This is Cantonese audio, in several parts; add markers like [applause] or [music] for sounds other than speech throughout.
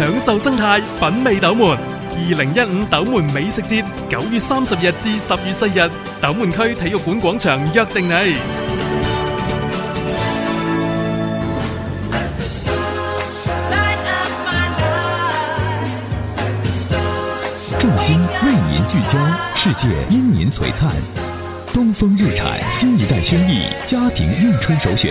享受生態，品味斗門。二零一五斗門美食節九月三十日至十月四日，斗門區體育館廣場約定你。眾星為您聚焦，世界因您璀璨。東風日產新一代軒逸，家庭用車首選。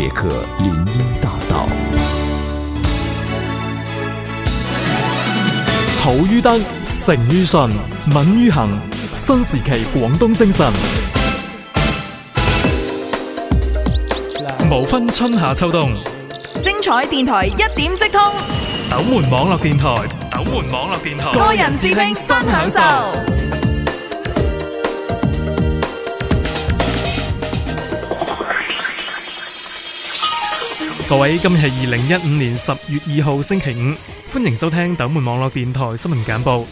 別克林蔭大道，厚於德，誠於信，敏於行，新時期廣東精神，兩無分春夏秋冬，精彩電台一點即通，斗門網絡電台，斗門網絡電台，個人視聽新享受。各位，今日係二零一五年十月二號星期五，歡迎收聽斗門網絡電台新聞簡報。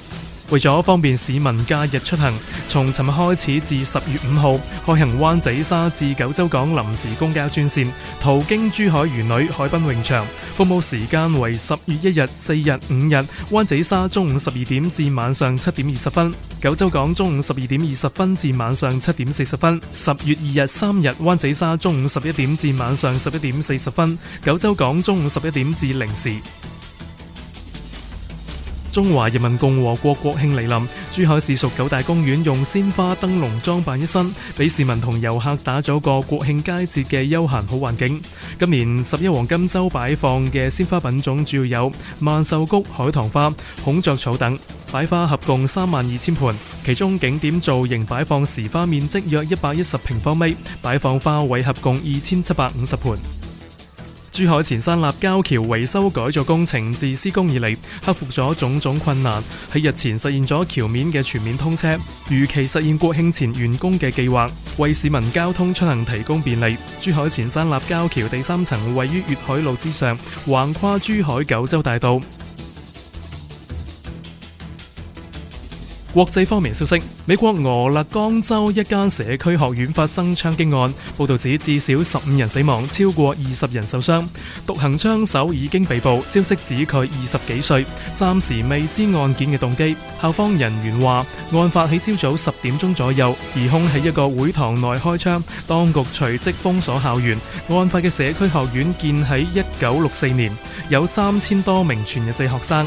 為咗方便市民假日出行，從尋日開始至十月五號，開行灣仔沙至九洲港臨時公交專線，途經珠海漁女海濱泳場，服務時間為十月一日、四日、五日，灣仔沙中午十二點至晚上七點二十分。九州港中午十二點二十分至晚上七點四十分，十月二日、三日，灣仔沙中午十一點至晚上十一點四十分，九州港中午十一點至零時。中華人民共和國國慶嚟臨，珠海市屬九大公園用鮮花、燈籠裝扮一身，俾市民同遊客打咗個國慶佳節嘅休閒好環境。今年十一黃金周擺放嘅鮮花品種主要有萬壽菊、海棠花、孔雀草等。擺花合共三萬二千盆，其中景點造型擺放時花面積約一百一十平方米，擺放花位合共二千七百五十盆。珠海前山立交橋維修改造工程自施工以嚟，克服咗種種困難，喺日前實現咗橋面嘅全面通車，如期實現國慶前完工嘅計劃，為市民交通出行提供便利。珠海前山立交橋第三層位於粵海路之上，橫跨珠海九州大道。國際方面消息，美國俄勒岡州一間社區學院發生槍擊案，報道指至少十五人死亡，超過二十人受傷。獨行槍手已經被捕，消息指佢二十幾歲，暫時未知案件嘅動機。校方人員話，案發喺朝早十點鐘左右，疑凶喺一個會堂內開槍，當局隨即封鎖校園。案發嘅社區學院建喺一九六四年，有三千多名全日制學生。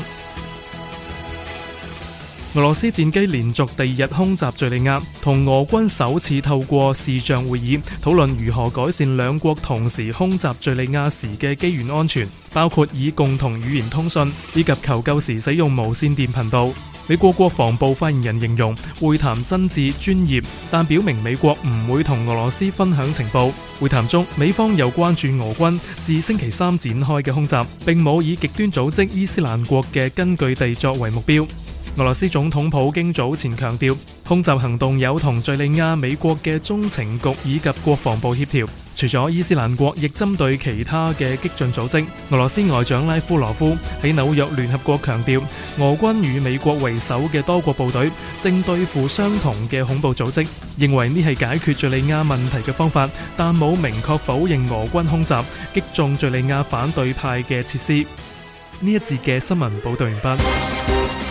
俄羅斯戰機連續第二日空襲敘利亞，同俄軍首次透過視像會議討論如何改善兩國同時空襲敘利亞時嘅機緣安全，包括以共同語言通訊以及求救時使用無線電頻道。美國國防部發言人形容會談真摯專業，但表明美國唔會同俄羅斯分享情報。會談中，美方又關注俄軍自星期三展開嘅空襲，並冇以極端組織伊斯蘭國嘅根據地作為目標。俄羅斯總統普京早前強調，空襲行動有同敘利亞美國嘅中情局以及國防部協調。除咗伊斯蘭國，亦針對其他嘅激進組織。俄羅斯外長拉夫羅夫喺紐約聯合國強調，俄軍與美國為首嘅多國部隊正對付相同嘅恐怖組織，認為呢係解決敘利亞問題嘅方法，但冇明確否認俄軍空襲擊中敘利亞反對派嘅設施。呢一節嘅新聞報道完畢。 [music]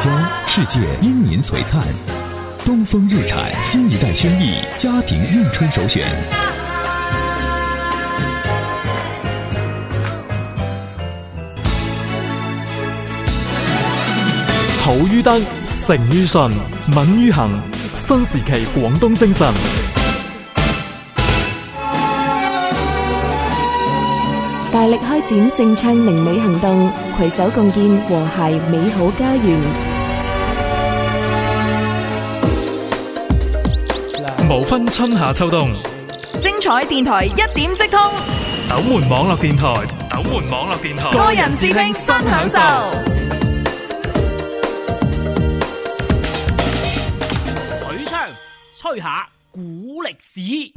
交世界因您璀璨，東風日產新一代軒逸，家庭運春首選。厚於德，誠於信，敏於行，新時期廣東精神。大力開展淨暢寧美行動，攜手共建和諧美好家園。無分春夏秋冬，精彩電台一點即通，斗門網絡電台，斗門網絡電台，個人視聽新享受，舉槍吹下古歷史，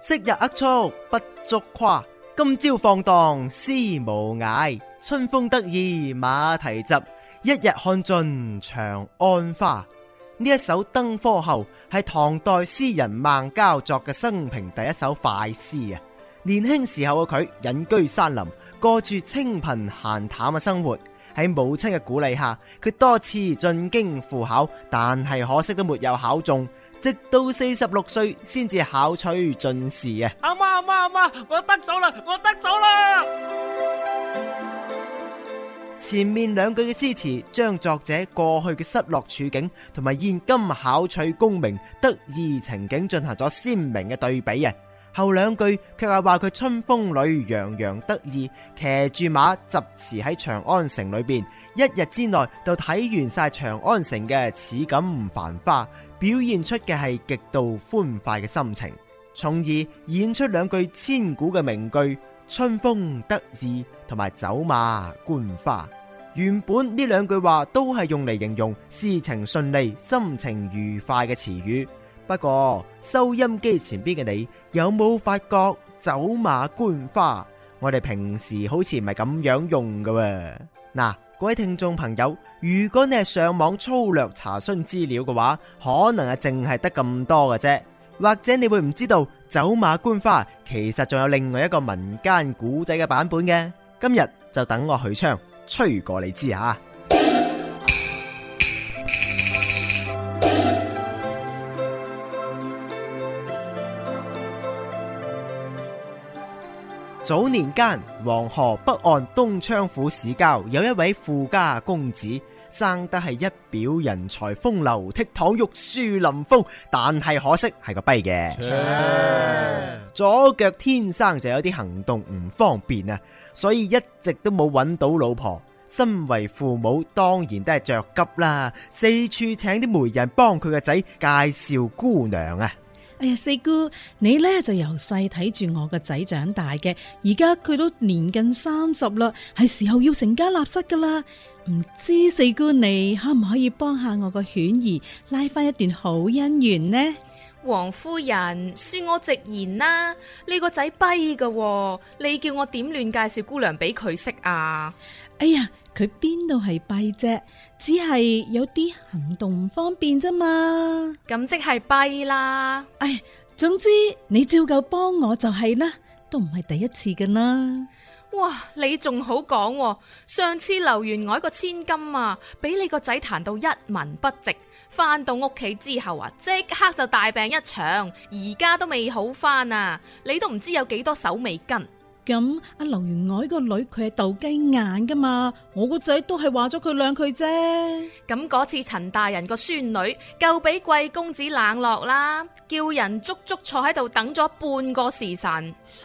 昔日一撮不足誇。今朝放蕩思無涯，春風得意馬蹄疾，一日看盡長安花。呢一首《登科後》係唐代詩人孟郊作嘅生平第一首快詩啊！年輕時候嘅佢隱居山林，過住清貧閒淡嘅生活。喺母親嘅鼓勵下，佢多次進京赴考，但係可惜都沒有考中。直到四十六歲先至考取進士啊！阿媽阿媽阿媽，我得咗啦！我得咗啦！前面兩句嘅詩詞將作者過去嘅失落處境同埋現今考取功名得意情景進行咗鮮明嘅對比啊！後兩句卻係話佢春風裏洋洋得意，騎住馬疾馳喺長安城裏邊，一日之內就睇完晒長安城嘅此景唔繁花」。表現出嘅係極度歡快嘅心情，從而演出兩句千古嘅名句：春風得意同埋走馬觀花。原本呢兩句話都係用嚟形容事情順利、心情愉快嘅詞語。不過收音機前邊嘅你有冇發覺走馬觀花？我哋平時好似唔係咁樣用嘅喎。嗱。各位聽眾朋友，如果你係上網粗略查詢資料嘅話，可能係淨係得咁多嘅啫，或者你會唔知道，走馬觀花其實仲有另外一個民間古仔嘅版本嘅。今日就等我許昌吹過你知吓。早年間，黃河北岸東昌府市郊有一位富家公子，生得係一表人才，風流倜儻，玉樹臨風。但係可惜係個跛嘅，去左腳天生就有啲行動唔方便啊，所以一直都冇揾到老婆。身為父母當然都係着急啦，四處請啲媒人幫佢個仔介紹姑娘啊。哎呀，四姑，你呢就由細睇住我個仔長大嘅，而家佢都年近三十啦，係時候要成家立室噶啦。唔知四姑你可唔可以幫下我個犬兒拉翻一段好姻緣呢？王夫人，恕我直言啦，你個仔跛噶，你叫我點亂介紹姑娘俾佢識啊？哎呀！佢邊度係跛啫？只係有啲行動唔方便咋嘛？咁即係跛啦！唉、哎，總之你照舊幫我就係啦，都唔係第一次㗎啦。哇，你仲好講、啊，上次留完我一個千金啊，俾你個仔彈到一文不值，翻到屋企之後啊，即刻就大病一場，而家都未好翻啊！你都唔知有幾多手尾跟。咁阿劉元外個女佢係鬥雞眼噶嘛，我個仔都係話咗佢兩句啫。咁嗰次陳大人個孫女夠俾貴公子冷落啦，叫人足足坐喺度等咗半個時辰。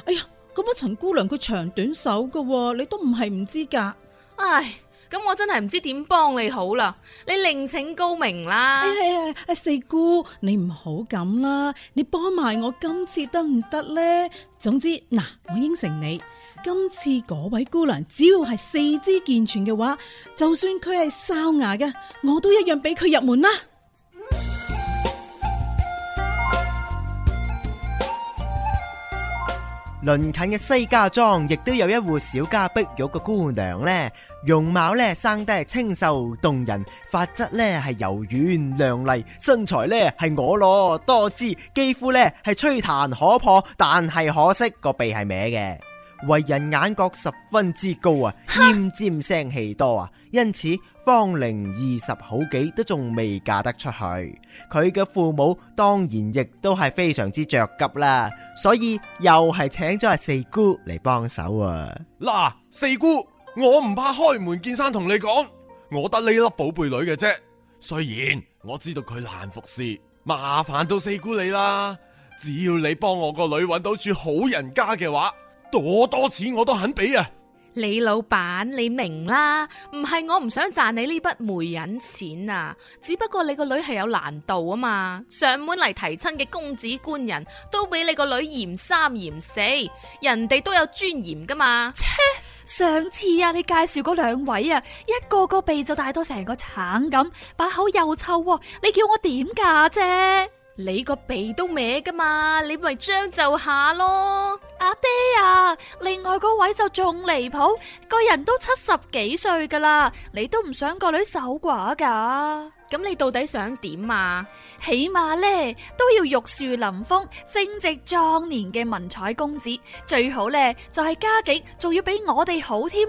哎呀，咁阿陳姑娘佢長短手噶、啊，你都唔係唔知噶。唉。咁我真係唔知點幫你好啦，你另請高明啦。哎哎哎，四姑你唔好咁啦，你幫埋我今次得唔得呢？總之嗱，我應承你，今次嗰位姑娘只要係四肢健全嘅話，就算佢係齙牙嘅，我都一樣俾佢入門啦。鄰近嘅西家莊亦都有一戶小家碧玉嘅姑娘呢，容貌呢，生得清秀動人，髮質呢，係柔軟亮麗，身材呢，係婀娜多姿，肌膚呢，係吹彈可破，但係可惜個鼻係歪嘅，為人眼角十分之高啊，尖 [laughs] 尖聲氣多啊，因此。方齡二十好幾都仲未嫁得出去，佢嘅父母當然亦都係非常之着急啦，所以又係請咗阿四姑嚟幫手啊！嗱，四姑，我唔怕開門見山同你講，我得呢粒寶貝女嘅啫。雖然我知道佢難服侍，麻煩到四姑你啦，只要你幫我個女搵到處好人家嘅話，多多錢我都肯俾啊！李老闆，你明啦，唔係我唔想賺你呢筆媒人錢啊，只不過你個女係有難度啊嘛，上門嚟提親嘅公子官人都俾你個女嫌三嫌四，人哋都有尊嚴噶嘛。切，上次啊，你介紹嗰兩位啊，一個個鼻就大到成個橙咁，把口又臭，啊，你叫我點噶啫？你個鼻都歪噶嘛，你咪將就下咯。阿爹啊，另外個位就仲離譜，個人都七十幾歲噶啦，你都唔想個女守寡噶？咁你到底想點啊？起碼呢都要玉樹臨風、正值壯年嘅文采公子，最好呢就係家境仲要比我哋好添。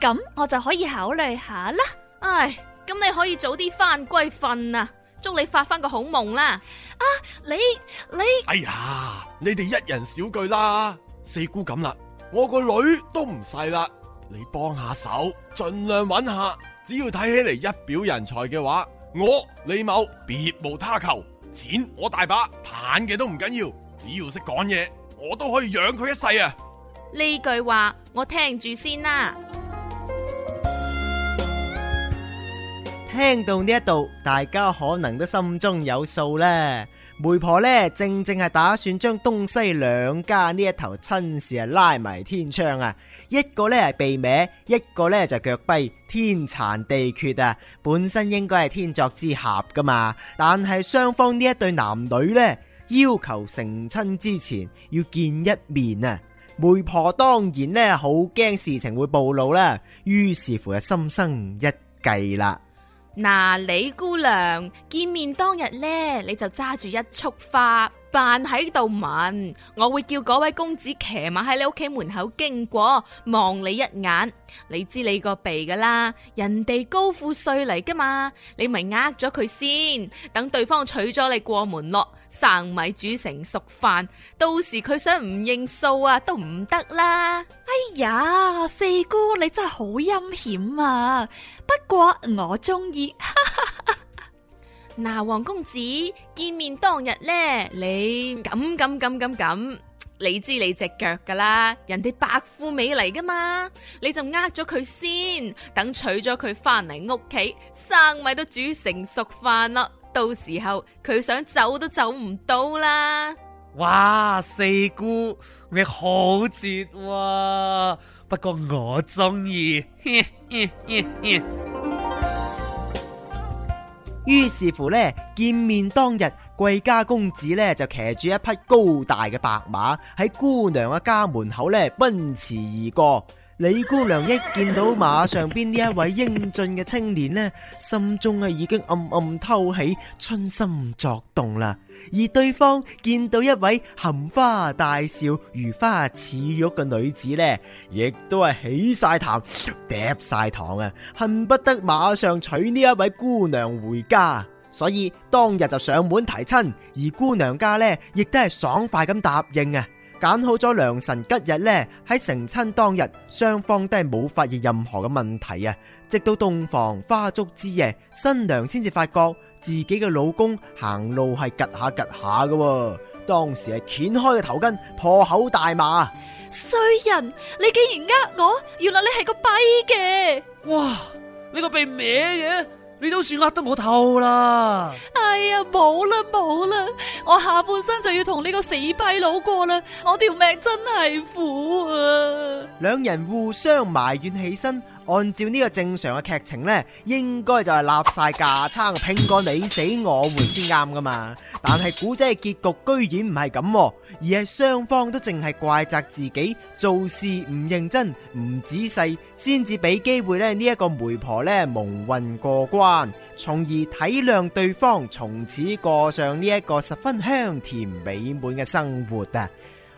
咁我就可以考慮下啦。唉，咁你可以早啲翻歸瞓啊！祝你發翻個好夢啦！啊，你你哎呀，你哋一人少句啦，四姑咁啦，我個女都唔細啦，你幫下手，盡量揾下，只要睇起嚟一表人才嘅話，我李某別無他求，錢我大把，淡嘅都唔緊要，只要識講嘢，我都可以養佢一世啊！呢句話我聽住先啦。聽到呢一度，大家可能都心中有數啦。媒婆呢，正正係打算將東西兩家呢一頭親事啊拉埋天窗啊，一個呢係被歪，一個呢就腳、是、跛，天殘地缺啊。本身應該係天作之合噶嘛，但係雙方呢一對男女呢，要求成親之前要見一面啊。媒婆當然呢，好驚事情會暴露啦、啊，於是乎就心生一計啦。嗱、啊，李姑娘，見面當日呢，你就揸住一束花。扮喺度問，我會叫嗰位公子騎馬喺你屋企門口經過，望你一眼。你知你個鼻噶啦，人哋高富帥嚟噶嘛，你咪呃咗佢先。等對方娶咗你過門咯，生米煮成熟飯，到時佢想唔認數啊都唔得啦。哎呀，四姑，你真係好陰險啊！不過我中意。 [laughs] 嗱、啊，黃公子見面當日呢，你咁咁咁咁咁，你知你隻腳噶啦，人哋白富美嚟噶嘛，你就呃咗佢先，等娶咗佢翻嚟屋企，生米都煮成熟飯啦，到時候佢想走都走唔到啦。哇，四姑你好絕喎、啊，不過我中意。 [laughs] [laughs] 於是乎咧，見面當日，貴家公子咧就騎住一匹高大嘅白馬，喺姑娘嘅家門口咧奔馳而過。李姑娘一見到馬上邊呢一位英俊嘅青年呢，心中啊已經暗暗偷喜，春心作動啦。而對方見到一位含花大笑、如花似玉嘅女子呢，亦都係起晒痰、嗒晒糖啊，恨不得馬上娶呢一位姑娘回家。所以當日就上門提親，而姑娘家呢，亦都係爽快咁答應啊。揀好咗良辰吉日呢，喺成親當日，雙方都係冇發現任何嘅問題啊！直到洞房花燭之夜，新娘先至發覺自己嘅老公行路係趷下趷下嘅，當時係掀開個頭巾，破口大罵：衰人，你竟然呃我！原來你係個跛嘅。哇！你個鼻歪嘅。你都算呃得我透啦！哎呀，冇啦冇啦，我下半生就要同呢個死跛佬過啦，我條命真係苦啊！兩人互相埋怨起身。按照呢個正常嘅劇情呢，應該就係立晒架撐，拼過你死我活先啱噶嘛。但係古仔嘅結局居然唔係咁，而係雙方都淨係怪責自己做事唔認真、唔仔細，先至俾機會呢呢一個媒婆呢蒙混過關，從而體諒對方，從此過上呢一個十分香甜美滿嘅生活啊！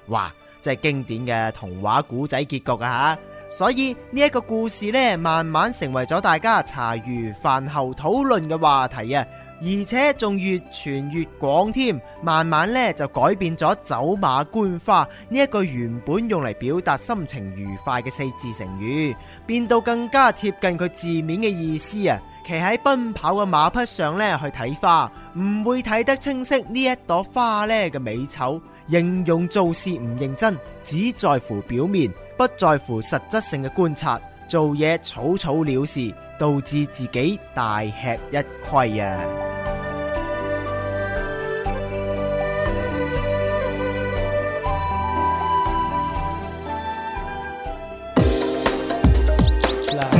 哇，即係經典嘅童話古仔結局啊！所以呢一、這個故事咧，慢慢成為咗大家茶餘飯後討論嘅話題啊，而且仲越傳越廣添。慢慢咧就改變咗“走馬觀花”呢、這、一個原本用嚟表達心情愉快嘅四字成語，變到更加貼近佢字面嘅意思啊！騎喺奔跑嘅馬匹上咧去睇花，唔會睇得清晰呢一朵花咧嘅美醜。形容做事唔認真，只在乎表面。不在乎實質性嘅觀察，做嘢草草了事，導致自己大吃一虧啊！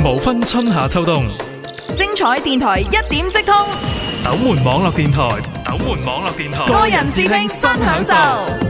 無分春夏秋冬，精彩電台一點即通，斗門網絡電台，斗門網絡電台，個人視聽新享受。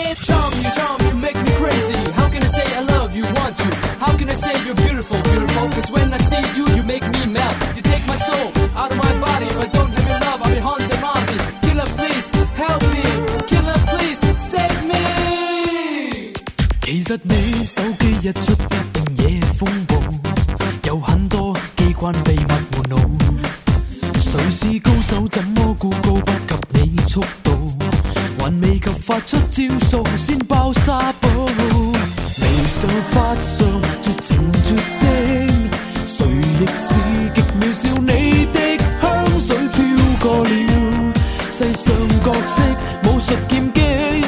發出招數先包紗布。眉想發上絕情絕色，誰亦是極渺小。你的香水飄過了世上角色，武術劍擊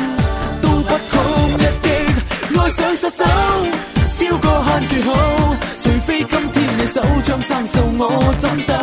都不堪一擊，愛上殺手，超過限缺口，除非今天你手槍生鏽，我怎得？